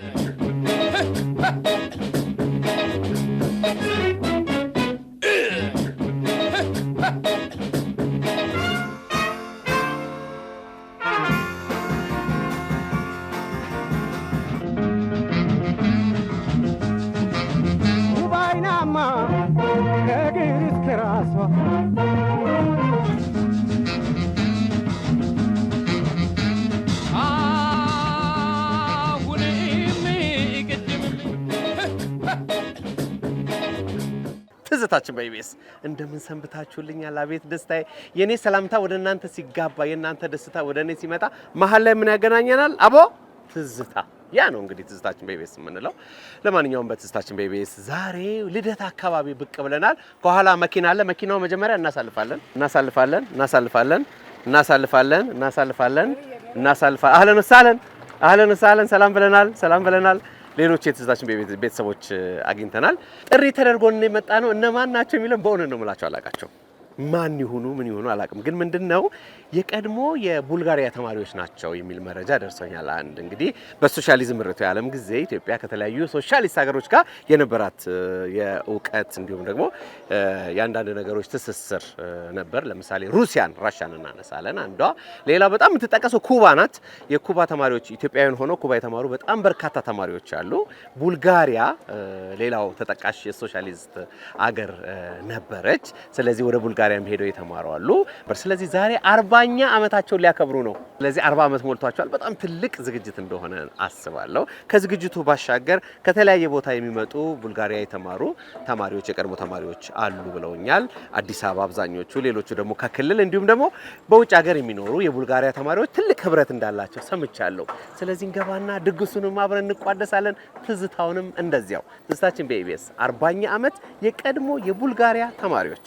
Yeah. ደስታችን በኢቢኤስ እንደምን ሰንብታችሁልኛል? አቤት ደስታዬ። የእኔ ሰላምታ ወደ እናንተ ሲጋባ የእናንተ ደስታ ወደ እኔ ሲመጣ መሀል ላይ ምን ያገናኘናል? አቦ ትዝታ። ያ ነው እንግዲህ ትዝታችን በኢቢኤስ የምንለው። ለማንኛውም በትዝታችን በኢቢኤስ ዛሬ ልደት አካባቢ ብቅ ብለናል። ከኋላ መኪና አለ። መኪናው መጀመሪያ እናሳልፋለን፣ እናሳልፋለን፣ እናሳልፋለን፣ እናሳልፋለን፣ እናሳልፋለን፣ እናሳልፋ። አህለን ወሳለን፣ አህለን ወሳለን። ሰላም ብለናል፣ ሰላም ብለናል። ሌሎች የትዝታችን ቤተሰቦች አግኝተናል። ጥሪ ተደርጎ የመጣ ነው። እነማን ናቸው የሚለው በእውነት ነው የምላቸው አላቃቸው። ማን ይሁኑ ምን ይሁኑ አላውቅም፣ ግን ምንድን ነው የቀድሞ የቡልጋሪያ ተማሪዎች ናቸው የሚል መረጃ ደርሶኛል። አንድ እንግዲህ በሶሻሊዝም ርዕቶ የዓለም ጊዜ ኢትዮጵያ ከተለያዩ ሶሻሊስት ሀገሮች ጋር የነበራት የእውቀት እንዲሁም ደግሞ የአንዳንድ ነገሮች ትስስር ነበር። ለምሳሌ ሩሲያን ራሽያን እናነሳለን። አንዷ ሌላ በጣም የምትጠቀሰው ኩባ ናት። የኩባ ተማሪዎች ኢትዮጵያውያን ሆነው ኩባ የተማሩ በጣም በርካታ ተማሪዎች አሉ። ቡልጋሪያ ሌላው ተጠቃሽ የሶሻሊስት አገር ነበረች። ስለዚህ ወደ ቡልጋሪያ ቡልጋሪያም ሄደው የተማሩ አሉ። ስለዚህ ዛሬ አርባኛ ዓመታቸውን ሊያከብሩ ነው። ስለዚህ አርባ ዓመት ሞልቷቸዋል። በጣም ትልቅ ዝግጅት እንደሆነ አስባለሁ። ከዝግጅቱ ባሻገር ከተለያየ ቦታ የሚመጡ ቡልጋሪያ የተማሩ ተማሪዎች የቀድሞ ተማሪዎች አሉ ብለውኛል። አዲስ አበባ አብዛኞቹ፣ ሌሎቹ ደግሞ ከክልል እንዲሁም ደግሞ በውጭ ሀገር የሚኖሩ የቡልጋሪያ ተማሪዎች ትልቅ ህብረት እንዳላቸው ሰምቻለሁ። ስለዚህ እንገባና ድግሱንም አብረን እንቋደሳለን። ትዝታውንም እንደዚያው ትዝታችን በኢቢኤስ አርባኛ ዓመት የቀድሞ የቡልጋሪያ ተማሪዎች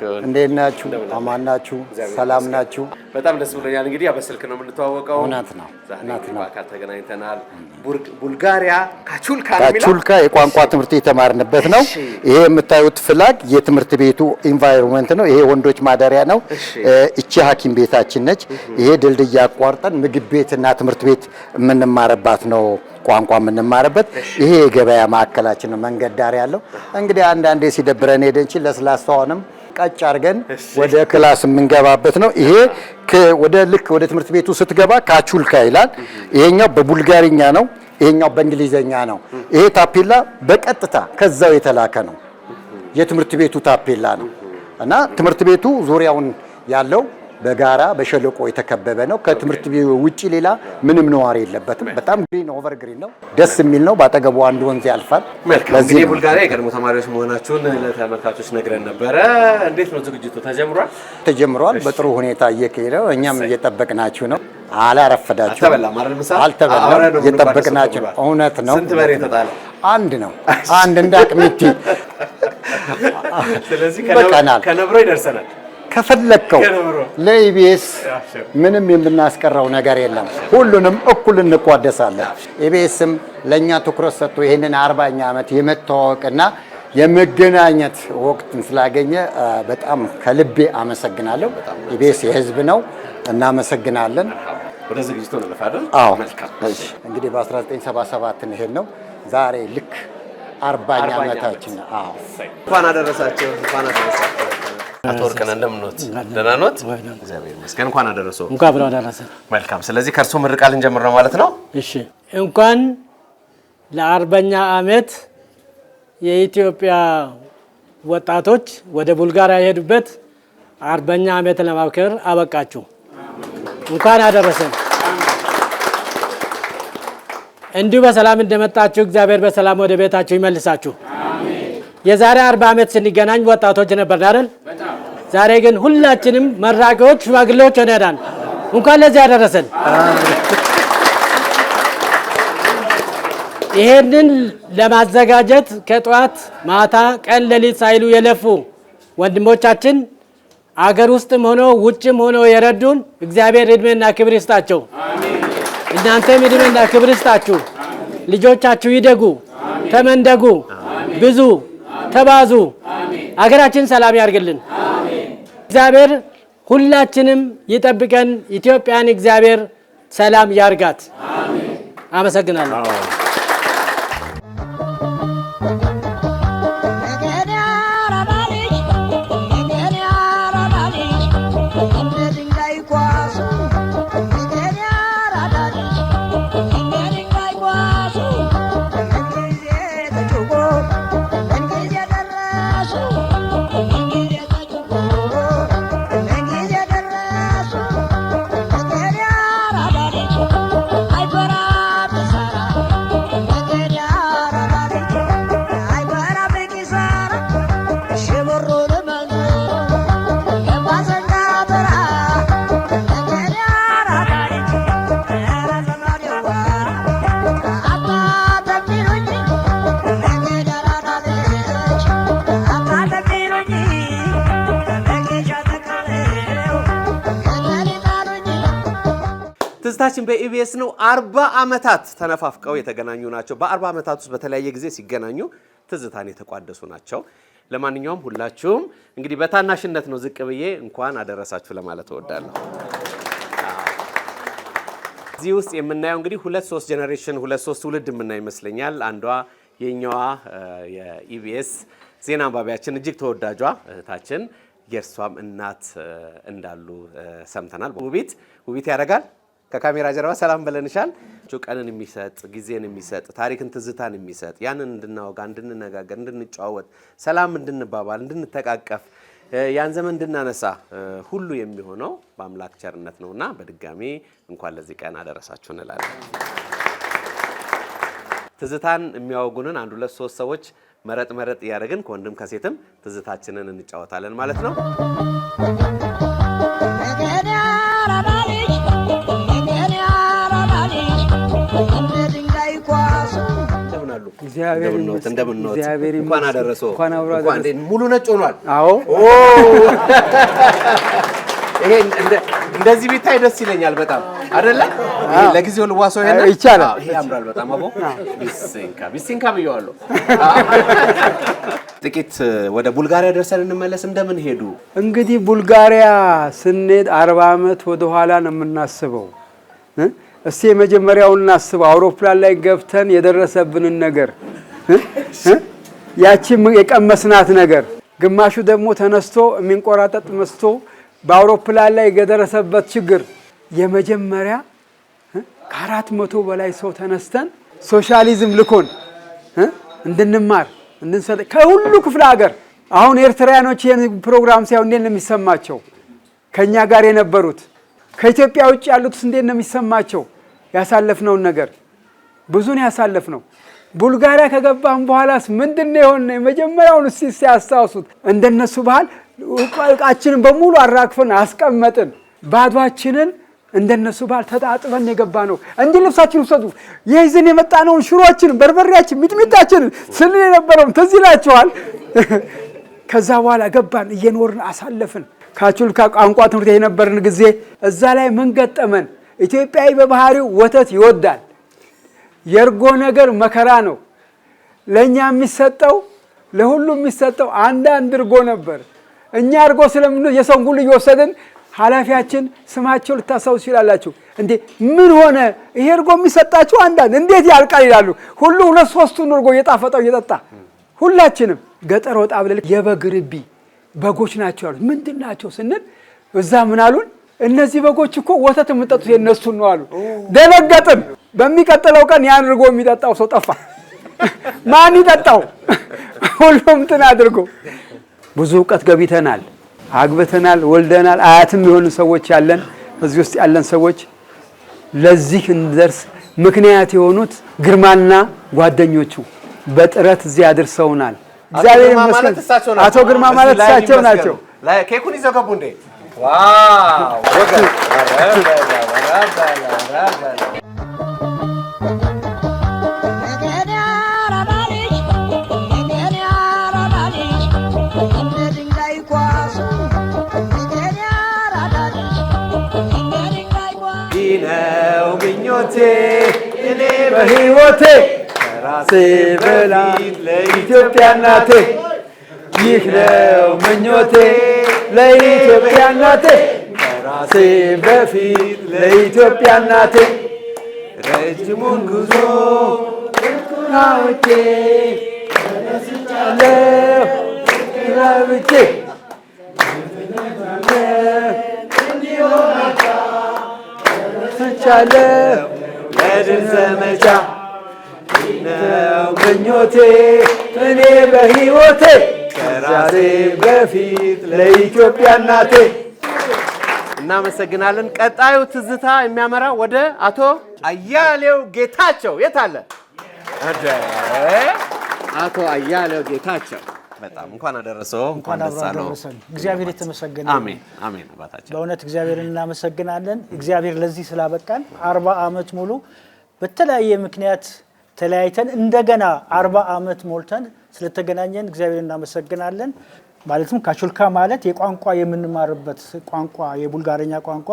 ናችሁን? እንዴት ናችሁ? አማን ናችሁ? ሰላም ናችሁ? በጣም ደስ ብሎኛል። እንግዲህ በስልክ ነው የምንተዋወቀው። እውነት ነው፣ እውነት ነው። በአካል ተገናኝተናል። ቡልጋሪያ ካቹልካ ካቹልካ የቋንቋ ትምህርት የተማርንበት ነው። ይሄ የምታዩት ፍላግ የትምህርት ቤቱ ኢንቫይሮንመንት ነው። ይሄ ወንዶች ማደሪያ ነው። እቺ ሐኪም ቤታችን ነች። ይሄ ድልድይ አቋርጠን ምግብ ቤትና ትምህርት ቤት የምንማርባት ነው ቋንቋ የምንማርበት ይሄ የገበያ ማዕከላችን ነው። መንገድ ዳር ያለው እንግዲህ አንዳንዴ ሲደብረን ለስላሳውንም ቀጭ አድርገን ወደ ክላስ የምንገባበት ነው። ይሄ ወደ ልክ ወደ ትምህርት ቤቱ ስትገባ ካቹልካ ይላል። ይሄኛው በቡልጋሪኛ ነው፣ ይሄኛው በእንግሊዘኛ ነው። ይሄ ታፔላ በቀጥታ ከዛው የተላከ ነው። የትምህርት ቤቱ ታፔላ ነው እና ትምህርት ቤቱ ዙሪያውን ያለው በጋራ በሸለቆ የተከበበ ነው። ከትምህርት ቤት ውጭ ሌላ ምንም ነዋሪ የለበትም። በጣም ግሪን ኦቨር ግሪን ነው፣ ደስ የሚል ነው። በአጠገቡ አንድ ወንዝ ያልፋል። እንግዲህ ቡልጋሪያ የቀድሞ ተማሪዎች መሆናችሁን ለተመልካቾች ነግረን ነበረ። እንዴት ነው ዝግጅቱ? ተጀምሯል ተጀምሯል። በጥሩ ሁኔታ እየሄደ ነው። እኛም እየጠበቅናችሁ ነው። አላረፈዳችሁ አልተበላም። እየጠበቅናችሁ እውነት ነው። ስንት ተጣለ? አንድ ነው አንድ እንዳቅሚቲ ስለዚህ ከነብሮ ይደርሰናል ከፈለግከው ለኢቢኤስ ምንም የምናስቀረው ነገር የለም። ሁሉንም እኩል እንቋደሳለን። ኢቢኤስም ለእኛ ትኩረት ሰጥቶ ይህንን አርባኛ ዓመት የመተዋወቅና የመገናኘት ወቅትን ስላገኘ በጣም ከልቤ አመሰግናለሁ። ኢቢኤስ የህዝብ ነው። እናመሰግናለን። ወደ ዝግጅቱ እንለፋለን። እንግዲህ በ1977 እንሄድ ነው ዛሬ ልክ አርባኛ ዓመታችን። አዎ እንኳን አደረሳቸው። አቶ ወርቅነህ እንደምኖት ደህና ኖት? እግዚአብሔር ይመስገን። እንኳን እንኳን ብለው አደረሰ። መልካም። ስለዚህ ከእርሶ ምርቃ ልንጀምር ነው ማለት ነው። እሺ፣ እንኳን ለአርበኛ አመት የኢትዮጵያ ወጣቶች ወደ ቡልጋሪያ የሄዱበት አርበኛ አመት ለማክበር አበቃችሁ። እንኳን አደረሰን። እንዲሁ በሰላም እንደመጣችሁ እግዚአብሔር በሰላም ወደ ቤታችሁ ይመልሳችሁ። የዛሬ አርባ ዓመት ስንገናኝ ወጣቶች ነበር አይደል? ዛሬ ግን ሁላችንም መራቂዎች፣ ሽማግሌዎች ሆነናል። እንኳን ለዚህ ያደረሰን። ይሄንን ለማዘጋጀት ከጠዋት ማታ፣ ቀን፣ ሌሊት ሳይሉ የለፉ ወንድሞቻችን አገር ውስጥም ሆኖ ውጭም ሆኖ የረዱን እግዚአብሔር እድሜና ክብር ይስጣቸው። እናንተም እድሜና ክብር ይስጣችሁ። ልጆቻችሁ ይደጉ፣ ተመንደጉ፣ ብዙ ተባዙ። አገራችን ሰላም ያርግልን። እግዚአብሔር ሁላችንም ይጠብቀን። ኢትዮጵያን እግዚአብሔር ሰላም ያርጋት። አመሰግናለሁ። በነገራችን በኢቢኤስ ነው። አርባ ዓመታት ተነፋፍቀው የተገናኙ ናቸው። በአርባ ዓመታት ውስጥ በተለያየ ጊዜ ሲገናኙ ትዝታን የተቋደሱ ናቸው። ለማንኛውም ሁላችሁም እንግዲህ በታናሽነት ነው ዝቅ ብዬ እንኳን አደረሳችሁ ለማለት እወዳለሁ። እዚህ ውስጥ የምናየው እንግዲህ ሁለት ሶስት ጄኔሬሽን ሁለት ሶስት ትውልድ የምናየው ይመስለኛል። አንዷ የኛዋ የኢቢኤስ ዜና አንባቢያችን እጅግ ተወዳጇ እህታችን የእርሷም እናት እንዳሉ ሰምተናል። ውቢት ውቢት ያደርጋል ከካሜራ ጀርባ ሰላም ብለንሻል። ቀንን የሚሰጥ ጊዜን የሚሰጥ ታሪክን ትዝታን የሚሰጥ ያንን እንድናወጋ፣ እንድንነጋገር፣ እንድንጨዋወት፣ ሰላም እንድንባባል፣ እንድንተቃቀፍ ያን ዘመን እንድናነሳ ሁሉ የሚሆነው በአምላክ ቸርነት እና በድጋሚ እንኳን ለዚህ ቀን አደረሳችሁ እንላለን። ትዝታን የሚያወጉንን አንድ ሁለት ሶስት ሰዎች መረጥ መረጥ እያደረግን ከወንድም ከሴትም ትዝታችንን እንጫወታለን ማለት ነው። እግዚአብሔር እንኳን አደረሰው። ሙሉ ነጭ ሆኗል። አዎ እንደዚህ ቢታይ ደስ ይለኛል በጣም አይደለ? ለጊዜው ልዋሰው ይቻላል። ይሄ ያምራል በጣም አቦ ቢሲንካ ቢሲንካ ብየዋለሁ። ጥቂት ወደ ቡልጋሪያ ደርሰን እንመለስ። እንደምን ሄዱ? እንግዲህ ቡልጋሪያ ስንሄድ አርባ ዓመት ወደኋላ ነው የምናስበው እስቲ የመጀመሪያውን እናስበው። አውሮፕላን ላይ ገብተን የደረሰብንን ነገር ያቺ የቀመስናት ነገር፣ ግማሹ ደግሞ ተነስቶ የሚንቆራጠጥ መስቶ በአውሮፕላን ላይ የደረሰበት ችግር የመጀመሪያ ከአራት መቶ በላይ ሰው ተነስተን ሶሻሊዝም ልኮን እንድንማር እንድንሰጥ ከሁሉ ክፍለ ሀገር አሁን ኤርትራያኖች ይህን ፕሮግራም ሲያዩ እንዴት ነው የሚሰማቸው? ከእኛ ጋር የነበሩት ከኢትዮጵያ ውጭ ያሉትስ እንዴት ነው የሚሰማቸው? ያሳለፍነውን ነገር ብዙን ያሳለፍ ነው። ቡልጋሪያ ከገባም በኋላስ ምንድን ነው የሆነ? የመጀመሪያውን እስኪ ሲያስታውሱት እንደነሱ ባህል እቃችንን በሙሉ አራግፈን አስቀመጥን። ባዷችንን እንደነሱ ባህል ተጣጥበን የገባ ነው። እንዲህ ልብሳችን ውሰዱ። ይህዝን የመጣነውን ሽሮችን፣ በርበሬያችን፣ ሚጥሚጣችንን ስንል የነበረውም ትዝ ይላችኋል። ከዛ በኋላ ገባን፣ እየኖርን አሳለፍን። ካቹልካ ቋንቋ ትምህርት የነበርን ጊዜ እዛ ላይ ምን ገጠመን? ኢትዮጵያዊ በባህሪው ወተት ይወዳል። የእርጎ ነገር መከራ ነው። ለእኛ የሚሰጠው ለሁሉም የሚሰጠው አንዳንድ እርጎ ነበር። እኛ እርጎ ስለምን የሰውን ሁሉ እየወሰድን ኃላፊያችን ስማቸው ልታስታውሱ ይችላላችሁ እንዴ? ምን ሆነ ይሄ እርጎ የሚሰጣችሁ አንዳንድ እንዴት ያልቃል ይላሉ። ሁሉ ሁለት ሶስቱን እርጎ እየጣፈጠው እየጠጣ ሁላችንም ገጠር ወጣ ብለን የበግ ርቢ በጎች ናቸው ያሉት። ምንድን ናቸው ስንል እዛ ምን አሉን? እነዚህ በጎች እኮ ወተት የምጠጡት የነሱን ነው አሉ። ደነገጥን። በሚቀጥለው ቀን ያን እርጎ የሚጠጣው ሰው ጠፋ። ማን ይጠጣው? ሁሉም ትን አድርጎ ብዙ እውቀት ገብተናል አግብተናል፣ ወልደናል፣ አያትም የሆኑ ሰዎች ያለን እዚህ ውስጥ ያለን ሰዎች ለዚህ እንደርስ ምክንያት የሆኑት ግርማና ጓደኞቹ በጥረት እዚህ አድርሰውናል። እግዚአብሔር ይመስገን። አቶ ግርማ ማለት እሳቸው ናቸው። ኬኩን ይዘው ገቡ እንዴ! ይህ ነው ምኞቴ እኔ በህይወቴ ከራሴ በላይ ለኢትዮጵያ እናቴ ይህ ነው ምኞቴ ለኢትዮጵያ እናቴ ራሴ በፊት ለኢትዮጵያ እናቴ ረጅሙን ጉዞ ናውቼ ደስቻለሁ ራብቼ እንዲሆናቻ ለድል ዘመቻ ነው ምኞቴ እኔ በሕይወቴ ከራሴ በፊት ለኢትዮጵያ እናቴ። እናመሰግናለን። ቀጣዩ ትዝታ የሚያመራ ወደ አቶ አያሌው ጌታቸው የት አለ? አቶ አያሌው ጌታቸው በጣም እንኳን አደረሰው። እንኳን ደስ እግዚአብሔር የተመሰገነ አሜን፣ አሜን። አባታችን በእውነት እግዚአብሔርን እናመሰግናለን። እግዚአብሔር ለዚህ ስላበቃን አርባ ዓመት ሙሉ በተለያየ ምክንያት ተለያይተን እንደገና አርባ ዓመት ሞልተን ስለተገናኘን እግዚአብሔር እናመሰግናለን። ማለትም ካቹልካ ማለት የቋንቋ የምንማርበት ቋንቋ የቡልጋርኛ ቋንቋ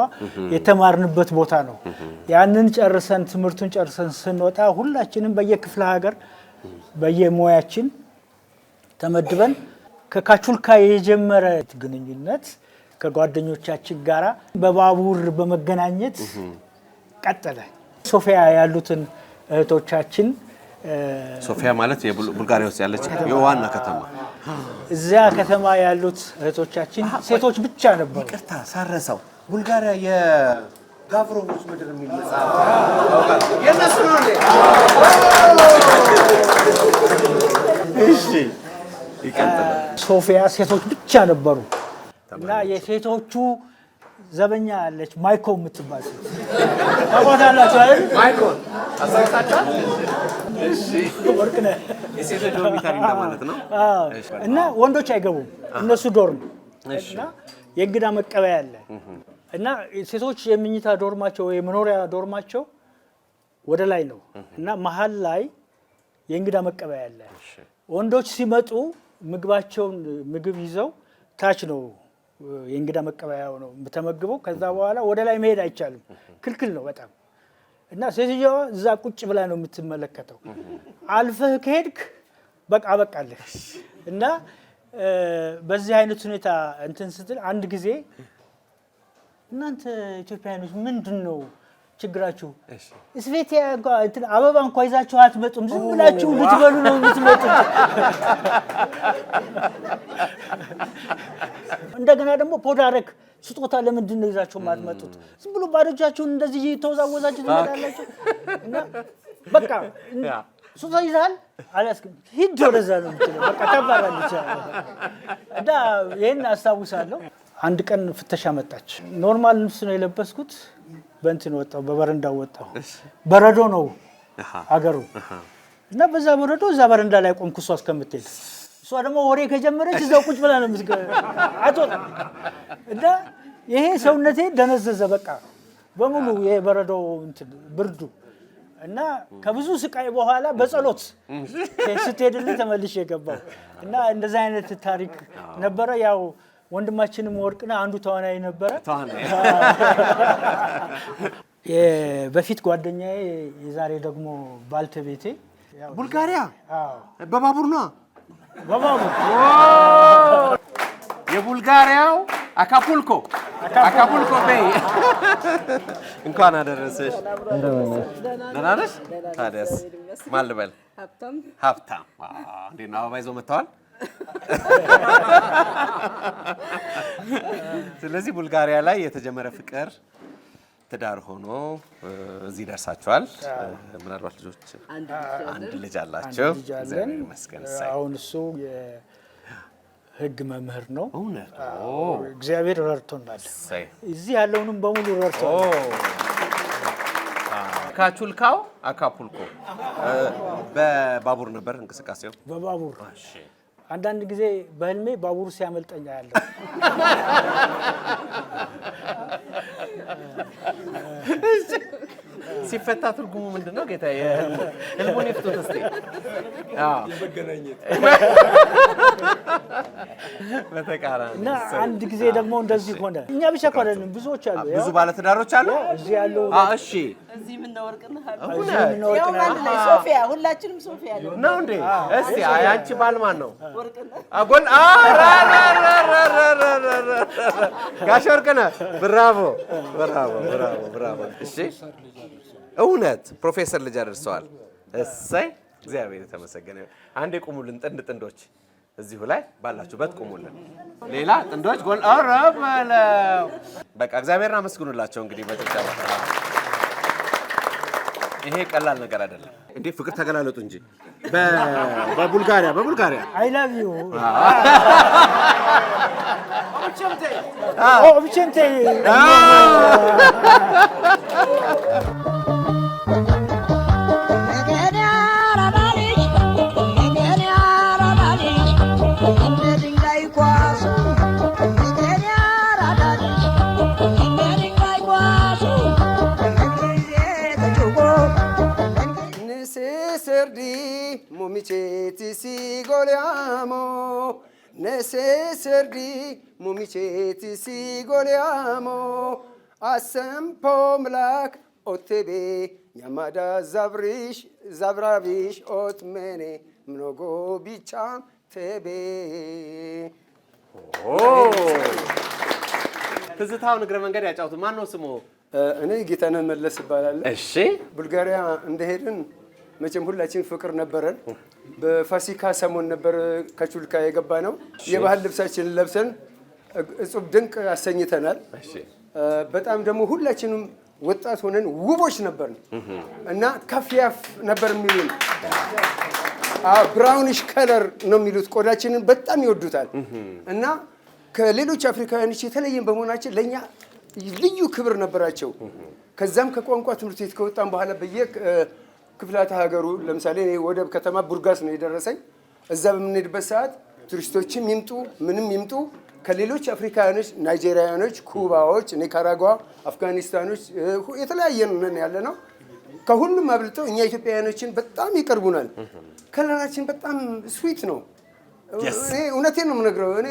የተማርንበት ቦታ ነው። ያንን ጨርሰን ትምህርቱን ጨርሰን ስንወጣ ሁላችንም በየክፍለ ሀገር በየሙያችን ተመድበን ከካቹልካ የጀመረ ግንኙነት ከጓደኞቻችን ጋራ በባቡር በመገናኘት ቀጠለ። ሶፊያ ያሉትን እህቶቻችን ሶፊያ ማለት ቡልጋሪያ ውስጥ ያለች የዋና ከተማ፣ እዚያ ከተማ ያሉት እህቶቻችን ሴቶች ብቻ ነበሩ። ይቅርታ ሳረሰው ቡልጋሪያ የጋብሮቦች ምድር የነሱ ነው እሺ፣ ሶፊያ ሴቶች ብቻ ነበሩ እና የሴቶቹ ዘበኛ ያለች ማይኮ የምትባል ታውቋታላችሁ አይደል? ማይኮ ወርቅነህ የሴቶች ዶርሚታሪ ነው። እና ወንዶች አይገቡም እነሱ ዶርም እና የእንግዳ መቀበያ አለ እና ሴቶች የምኝታ ዶርማቸው የመኖሪያ ዶርማቸው ወደ ላይ ነው እና መሀል ላይ የእንግዳ መቀበያ አለ። ወንዶች ሲመጡ ምግባቸውን ምግብ ይዘው ታች ነው የእንግዳ መቀበያው ነው የምተመግበው። ከዛ በኋላ ወደ ላይ መሄድ አይቻልም፣ ክልክል ነው በጣም እና ሴትዮዋ እዛ ቁጭ ብላ ነው የምትመለከተው። አልፈህ ከሄድክ በቃ በቃለህ እና በዚህ አይነት ሁኔታ እንትን ስትል አንድ ጊዜ እናንተ ኢትዮጵያውያኖች ምንድን ነው ችግራችሁ? እስቤት አበባ እንኳ ይዛችሁ አትመጡም፣ ዝም ብላችሁ ልትበሉ ነው የምትመጡ እንደገና ደግሞ ፖዳረክ ስጦታ ለምንድን ነው ይዛቸው ማትመጡት? ዝም ብሎ ባዶ እጃችሁን እንደዚህ ተወዛወዛችሁ ትመጣላችሁ። በቃ ስጦታ ይዛል አላስክ ሂድ ወደዛ ነው የምችለው። በቃ ተባራለች እና ይህን አስታውሳለሁ። አንድ ቀን ፍተሻ መጣች። ኖርማል ልብስ ነው የለበስኩት። በእንትን ወጣሁ፣ በበረንዳ ወጣሁ። በረዶ ነው አገሩ እና በዛ በረዶ እዛ በረንዳ ላይ ቆምኩ እሷ እስከምትሄድ እሷ ደግሞ ወሬ ከጀመረች እዛው ቁጭ ብላ ነው ምስገ አትወጣም እና ይሄ ሰውነቴ ደነዘዘ በቃ በሙሉ የበረዶው እንትን ብርዱ እና ከብዙ ስቃይ በኋላ በጸሎት ስትሄድልኝ ተመልሼ የገባው እና እንደዚህ አይነት ታሪክ ነበረ። ያው ወንድማችንም ወርቅና አንዱ ተዋናይ ነበረ። በፊት ጓደኛዬ የዛሬ ደግሞ ባልተቤቴ ቡልጋሪያ በባቡር ነዋ የቡልጋሪያው አካፑልኮ አካፑልኮ ቤይ እንኳን አደረሰሽ። ደህና ነሽ? ታዲያስ ማን ልበል? ሀብታም እንዴት ነው? አበባ ይዘው መጥተዋል። ስለዚህ ቡልጋሪያ ላይ የተጀመረ ፍቅር ትዳር ሆኖ እዚህ ደርሳችኋል። ምናልባት ልጆች አንድ ልጅ አላቸው። አሁን እሱ የህግ መምህር ነው። እውነት እግዚአብሔር ረድቶናል። እዚህ ያለውንም በሙሉ ረድቶናል። ካቹልካው አካፑልኮ በባቡር ነበር እንቅስቃሴው። በባቡር አንዳንድ ጊዜ በህልሜ ባቡር ሲያመልጠኛ ያለው ሲፈታ ትርጉሙ ምንድን ነው? ጌታ ህልሙን ይፍቱት እስኪ። በተቃራኒ አንድ ጊዜ ደግሞ እንደዚህ ሆነ። እኛ ብቻ እኮ አይደለም፣ ብዙዎች አሉ፣ ብዙ ባለትዳሮች አሉ እዚህ ያሉ። እሺ፣ እዚህ ሁላችንም ሶፊያ ነው እንዴ? እስኪ አንቺ ባል ማን ነው? ጋሽ ወርቅነህ ብራቮ ብራቮ ብራቮ ብራቮ። እሺ እውነት ፕሮፌሰር ልጅ አደርሰዋል። እሰይ እግዚአብሔር የተመሰገነ። አንዴ ቁሙልን ጥንድ ጥንዶች እዚሁ ላይ ባላችሁበት ቁሙልን። ሌላ ጥንዶች ጎል አረበለው። በቃ እግዚአብሔርን አመስግኑላቸው እንግዲህ በጭብጨባ ይሄ ቀላል ነገር አይደለም። እንዴ ፍቅር ተገላለጡ እንጂ በቡልጋሪያ በቡልጋሪያ አይ ላቭ ዩ ኦብቸንቴ serdi momiceti si goliamo ne se serdi momiceti si goliamo asempo mlak otebe nyamada zavrish zavravish ot mene mnogo bicham tebe ትዝታውን እግረ መንገድ ያጫውቱ። ማን ነው ስሙ? እኔ ጌታነህ መለስ እባላለሁ። እሺ ቡልጋሪያ እንደሄድን መቼም ሁላችን ፍቅር ነበረን። በፋሲካ ሰሞን ነበር ከቹልካ የገባ ነው። የባህል ልብሳችንን ለብሰን እጹብ ድንቅ አሰኝተናል። በጣም ደግሞ ሁላችንም ወጣት ሆነን ውቦች ነበር እና ከፍያፍ ነበር የሚሉን ብራውንሽ ከለር ነው የሚሉት። ቆዳችንን በጣም ይወዱታል እና ከሌሎች አፍሪካውያኖች የተለየን በመሆናችን ለእኛ ልዩ ክብር ነበራቸው። ከዛም ከቋንቋ ትምህርት ቤት ከወጣን በኋላ በየ ክፍላተ ሀገሩ ለምሳሌ እኔ ወደብ ከተማ ቡርጋስ ነው የደረሰኝ። እዛ በምንሄድበት ሰዓት ቱሪስቶችም ይምጡ ምንም ይምጡ ከሌሎች አፍሪካውያኖች፣ ናይጄሪያኖች፣ ኩባዎች፣ ኒካራጓ፣ አፍጋኒስታኖች የተለያየ ነን ያለ ነው። ከሁሉም አብልጠው እኛ ኢትዮጵያውያኖችን በጣም ይቀርቡናል። ከለራችን በጣም ስዊት ነው። እውነቴ ነው የምነግረው። እኔ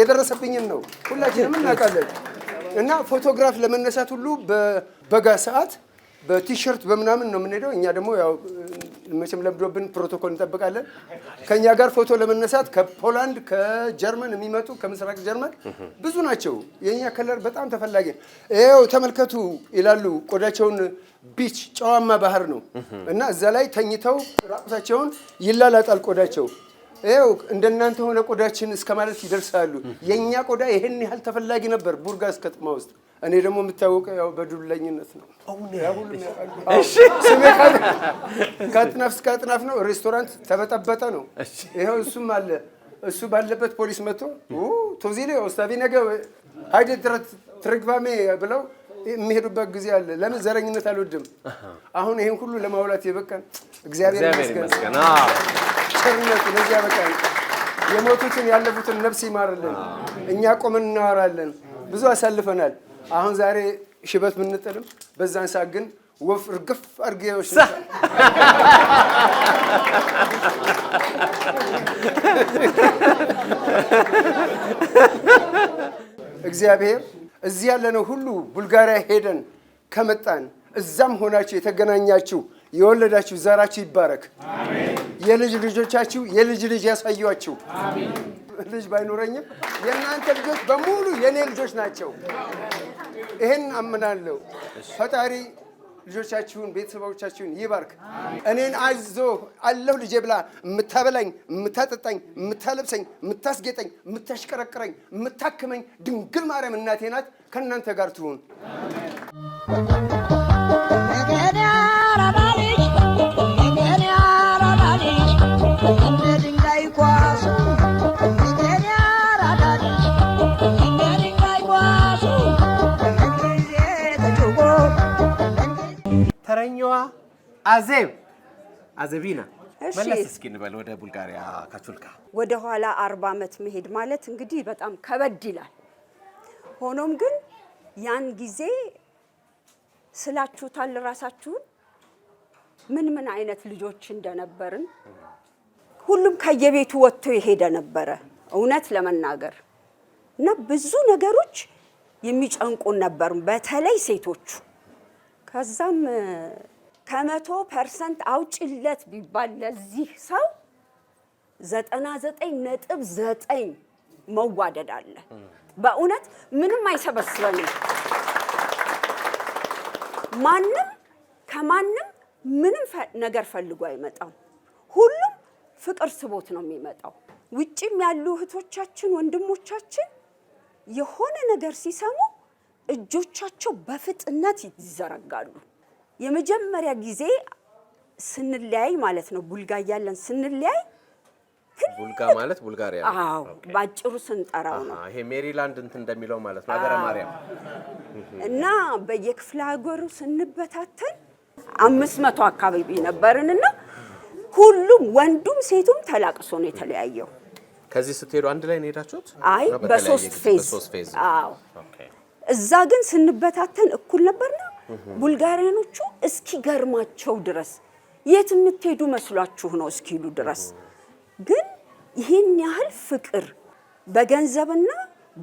የደረሰብኝን ነው፣ ሁላችንም እናውቃለን። እና ፎቶግራፍ ለመነሳት ሁሉ በበጋ ሰዓት በቲሸርት በምናምን ነው የምንሄደው። እኛ ደግሞ ያው መቼም ለምዶብን ፕሮቶኮል እንጠብቃለን። ከእኛ ጋር ፎቶ ለመነሳት ከፖላንድ ከጀርመን የሚመጡ ከምስራቅ ጀርመን ብዙ ናቸው። የእኛ ከለር በጣም ተፈላጊ ው ተመልከቱ ይላሉ። ቆዳቸውን ቢች ጨዋማ ባህር ነው እና እዛ ላይ ተኝተው ራቁታቸውን ይላላጣል ቆዳቸው ው እንደናንተ ሆነ ቆዳችን እስከ ማለት ይደርሳሉ። የእኛ ቆዳ ይህን ያህል ተፈላጊ ነበር ቡርጋ እስከ ውስጥ እኔ ደግሞ የምታወቀው ያው በዱለኝነት ነው። ስሜ ከአጥናፍ እስከ አጥናፍ ነው። ሬስቶራንት ተበጠበጠ ነው። ይኸው እሱም አለ። እሱ ባለበት ፖሊስ መጥቶ ቶዚሌ ኦስታቪ ነገ ሀይደ ትርግባሜ ብለው የሚሄዱበት ጊዜ አለ። ለምን ዘረኝነት አልወድም። አሁን ይህን ሁሉ ለማውላት የበቃን እግዚአብሔር ይመስገን። ቸርነቱ ለዚህ ያበቃን። የሞቱትን ያለፉትን ነፍስ ይማርልን። እኛ ቆመን እናወራለን። ብዙ አሳልፈናል። አሁን ዛሬ ሽበት የምንጥልም በዛን ሰዓት ግን ወፍ እርግፍ አርጌዎች እግዚአብሔር እዚህ ያለነው ሁሉ ቡልጋሪያ ሄደን ከመጣን እዛም ሆናችሁ የተገናኛችሁ የወለዳችሁ ዘራችሁ ይባረክ። የልጅ ልጆቻችሁ የልጅ ልጅ ያሳያችሁ ልጅ ባይኖረኝም የእናንተ ልጆች በሙሉ የእኔ ልጆች ናቸው። ይህን አምናለሁ። ፈጣሪ ልጆቻችሁን ቤተሰቦቻችሁን ይባርክ። እኔን አይዞ አለሁ ልጄ ብላ የምታበላኝ የምታጠጣኝ የምታለብሰኝ የምታስጌጠኝ የምታሽቀረቅረኝ የምታክመኝ ድንግል ማርያም እናቴ ናት። ከእናንተ ጋር ትሁን። አዜብ አዜቢና መለስ እስኪ እንበል ወደ ቡልጋሪያ ካቹልካ። ወደ ኋላ አርባ ዓመት መሄድ ማለት እንግዲህ በጣም ከበድ ይላል። ሆኖም ግን ያን ጊዜ ስላችሁታል ራሳችሁን ምን ምን አይነት ልጆች እንደነበርን ሁሉም ከየቤቱ ወጥቶ የሄደ ነበረ። እውነት ለመናገር እና ብዙ ነገሮች የሚጨንቁን ነበር በተለይ ሴቶቹ ከዛም ከመቶ ፐርሰንት አውጭለት ቢባል ለዚህ ሰው ዘጠና ዘጠኝ ነጥብ ዘጠኝ መዋደድ አለ። በእውነት ምንም አይሰበስበንም። ማንም ከማንም ምንም ነገር ፈልጎ አይመጣም። ሁሉም ፍቅር ስቦት ነው የሚመጣው። ውጭም ያሉ እህቶቻችን፣ ወንድሞቻችን የሆነ ነገር ሲሰሙ እጆቻቸው በፍጥነት ይዘረጋሉ። የመጀመሪያ ጊዜ ስንለያይ ማለት ነው ቡልጋ እያለን ስንለያይ ቡልጋ ማለት ቡልጋሪያ ነው። አዎ ባጭሩ ስንጠራው ነው። ይሄ ሜሪላንድ እንትን እንደሚለው ማለት ነው ሀገረ ማርያም እና በየክፍለ ሀገሩ ስንበታተን አምስት መቶ አካባቢ ነበርንና ሁሉም ወንዱም ሴቱም ተላቅሶ ነው የተለያየው። ከዚህ ስትሄዱ አንድ ላይ ነው የሄዳችሁት? አይ በሶስት ፌዝ። አዎ እዛ ግን ስንበታተን እኩል ነበርና ቡልጋሪያኖቹ እስኪገርማቸው ድረስ የት የምትሄዱ መስሏችሁ ነው እስኪሉ ድረስ ግን ይህን ያህል ፍቅር በገንዘብና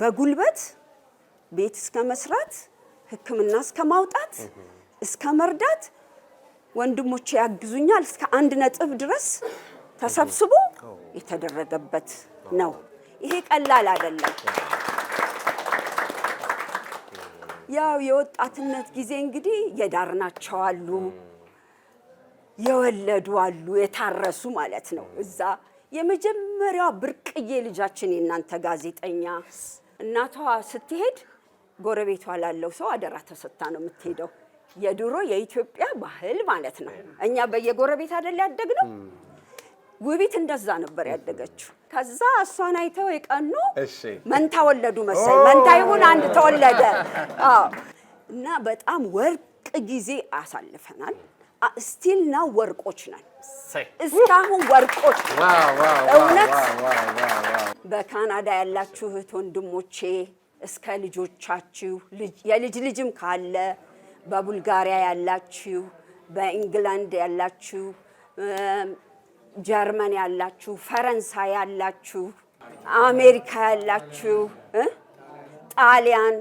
በጉልበት ቤት እስከ መስራት፣ ሕክምና እስከ ማውጣት፣ እስከ መርዳት ወንድሞቼ ያግዙኛል እስከ አንድ ነጥብ ድረስ ተሰብስቦ የተደረገበት ነው። ይሄ ቀላል አይደለም። ያው የወጣትነት ጊዜ እንግዲህ የዳርናቸው አሉ፣ የወለዱ አሉ፣ የታረሱ ማለት ነው። እዛ የመጀመሪያዋ ብርቅዬ ልጃችን የእናንተ ጋዜጠኛ እናቷ ስትሄድ ጎረቤቷ ላለው ሰው አደራ ተሰጥታ ነው የምትሄደው። የድሮ የኢትዮጵያ ባህል ማለት ነው። እኛ በየጎረቤት አይደል ያደግነው ውቢት እንደዛ ነበር ያደገችው። ከዛ እሷን አይተው የቀኑ መንታ ወለዱ መሰል መንታ ይሁን አንድ ተወለደ እና በጣም ወርቅ ጊዜ አሳልፈናል። ስቲል ና ወርቆች ነን። እስካሁን ወርቆች እውነት በካናዳ ያላችሁ እህት ወንድሞቼ እስከ ልጆቻችሁ የልጅ ልጅም ካለ በቡልጋሪያ ያላችሁ፣ በኢንግላንድ ያላችሁ ጀርመን ያላችሁ፣ ፈረንሳይ ያላችሁ፣ አሜሪካ ያላችሁ፣ ጣሊያን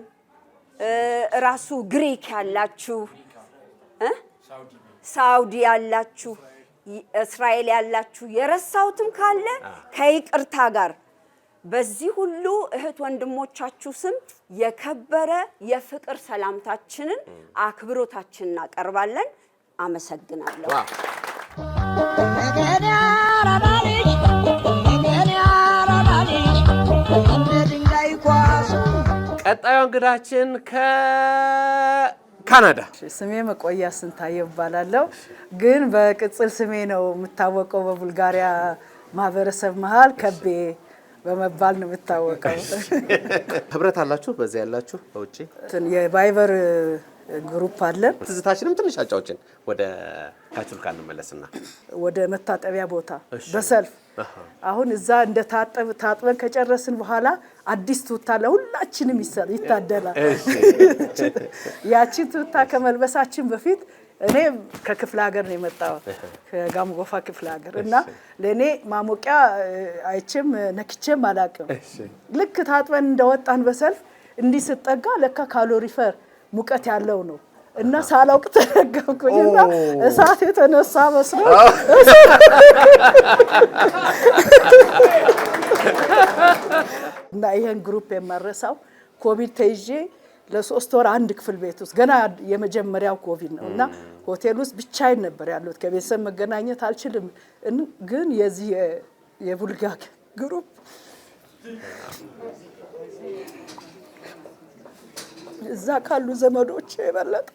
ራሱ ግሪክ ያላችሁ፣ ሳውዲ ያላችሁ፣ እስራኤል ያላችሁ የረሳሁትም ካለ ከይቅርታ ጋር በዚህ ሁሉ እህት ወንድሞቻችሁ ስም የከበረ የፍቅር ሰላምታችንን አክብሮታችንን እናቀርባለን። አመሰግናለሁ። ቀጣዩ እንግዳችን ከካናዳ ስሜ መቆያ ስንታየ እባላለሁ፣ ግን በቅጽል ስሜ ነው የምታወቀው። በቡልጋሪያ ማህበረሰብ መሀል ከቤ በመባል ነው የምታወቀው። ህብረት አላችሁ? በዚያ ያላችሁ በውጭ የቫይበር ግሩፕ አለ። ትዝታችንም ትንሽ አጫዎችን ወደ ካቹልካ እንመለስና ወደ መታጠቢያ ቦታ በሰልፍ አሁን እዛ እንደ ታጥበን ከጨረስን በኋላ አዲስ ቱታ ለሁላችንም ይታደላል። ያቺን ቱታ ከመልበሳችን በፊት እኔ ከክፍለ ሀገር ነው የመጣሁት ከጋሞጎፋ ጎፋ ክፍለ ሀገር እና ለእኔ ማሞቂያ አይቼም ነክቼም አላቅም። ልክ ታጥበን እንደወጣን በሰልፍ እንዲህ ስጠጋ ለካ ካሎሪፈር ሙቀት ያለው ነው እና ሳላውቅ ተረገምኩኝና እሳት የተነሳ መስሎ እና ይሄን ግሩፕ የማረሳው ኮቪድ ተይዤ ለሶስት ወር አንድ ክፍል ቤት ውስጥ ገና የመጀመሪያው ኮቪድ ነው እና ሆቴል ውስጥ ብቻዬን ነበር ያሉት። ከቤተሰብ መገናኘት አልችልም። ግን የዚህ የቡልጋ ግሩፕ እዛ ካሉ ዘመዶች የበለጠ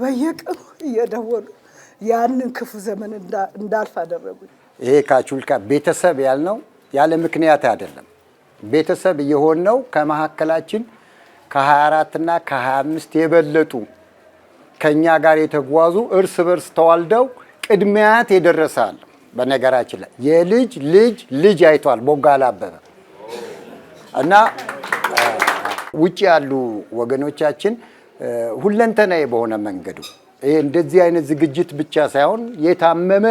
በየቀኑ እየደወሉ ያንን ክፉ ዘመን እንዳልፍ አደረጉኝ። ይሄ ካቹልካ ቤተሰብ ያልነው ያለ ምክንያት አይደለም። ቤተሰብ የሆነው ከመካከላችን ከ24 እና ከ25 የበለጡ ከኛ ጋር የተጓዙ እርስ በርስ ተዋልደው ቅድሚያት የደረሳል። በነገራችን ላይ የልጅ ልጅ ልጅ አይቷል ቦጋላ አበበ እና ውጭ ያሉ ወገኖቻችን ሁለንተናዊ በሆነ መንገዱ ይሄ እንደዚህ አይነት ዝግጅት ብቻ ሳይሆን የታመመ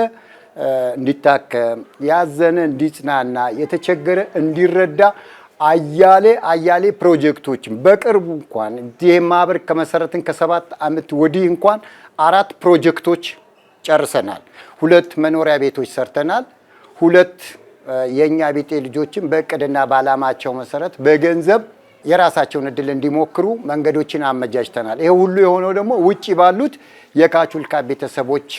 እንዲታከም፣ ያዘነ እንዲጽናና፣ የተቸገረ እንዲረዳ አያሌ አያሌ ፕሮጀክቶችን በቅርቡ እንኳን ይህ ማህበር ከመሰረትን ከሰባት ዓመት ወዲህ እንኳን አራት ፕሮጀክቶች ጨርሰናል። ሁለት መኖሪያ ቤቶች ሰርተናል። ሁለት የእኛ ቤጤ ልጆችን በእቅድና በዓላማቸው መሰረት በገንዘብ የራሳቸውን እድል እንዲሞክሩ መንገዶችን አመጃጅተናል። ይሄ ሁሉ የሆነው ደግሞ ውጭ ባሉት የካቹልካ ቤተሰቦች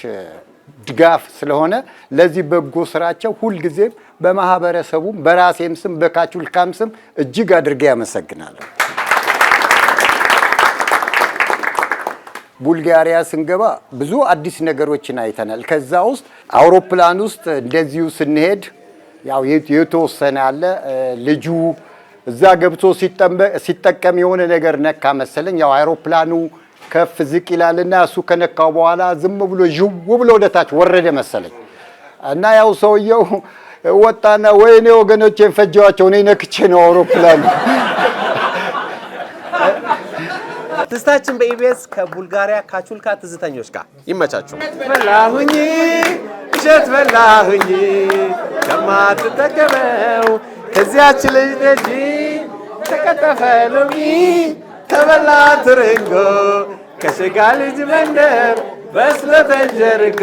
ድጋፍ ስለሆነ ለዚህ በጎ ስራቸው ሁልጊዜም በማህበረሰቡም በራሴም ስም በካቹልካም ስም እጅግ አድርጌ ያመሰግናል። ቡልጋሪያ ስንገባ ብዙ አዲስ ነገሮችን አይተናል። ከዛ ውስጥ አውሮፕላን ውስጥ እንደዚሁ ስንሄድ ያው የተወሰነ አለ ልጁ እዛ ገብቶ ሲጠቀም የሆነ ነገር ነካ መሰለኝ። ያው አይሮፕላኑ ከፍ ዝቅ ይላልና እሱ ከነካው በኋላ ዝም ብሎ ዥው ብሎ ወደታች ወረደ መሰለኝ እና ያው ሰውየው ወጣና ወይኔ ወገኖቼን ፈጀዋቸው፣ እኔ ነክቼ ነው አውሮፕላኑ። ትዝታችን በኢቢኤስ ከቡልጋሪያ ካቹልካ ትዝተኞች ጋር ይመቻችሁ። በላሁኝ እሸት በላሁኝ ከማትጠገበው ከዚያች ልጅ ተከተፈ ሎሚ ተበላ ትርንጎ ከስጋ ልጅ መንደር በስለተንጀርጎ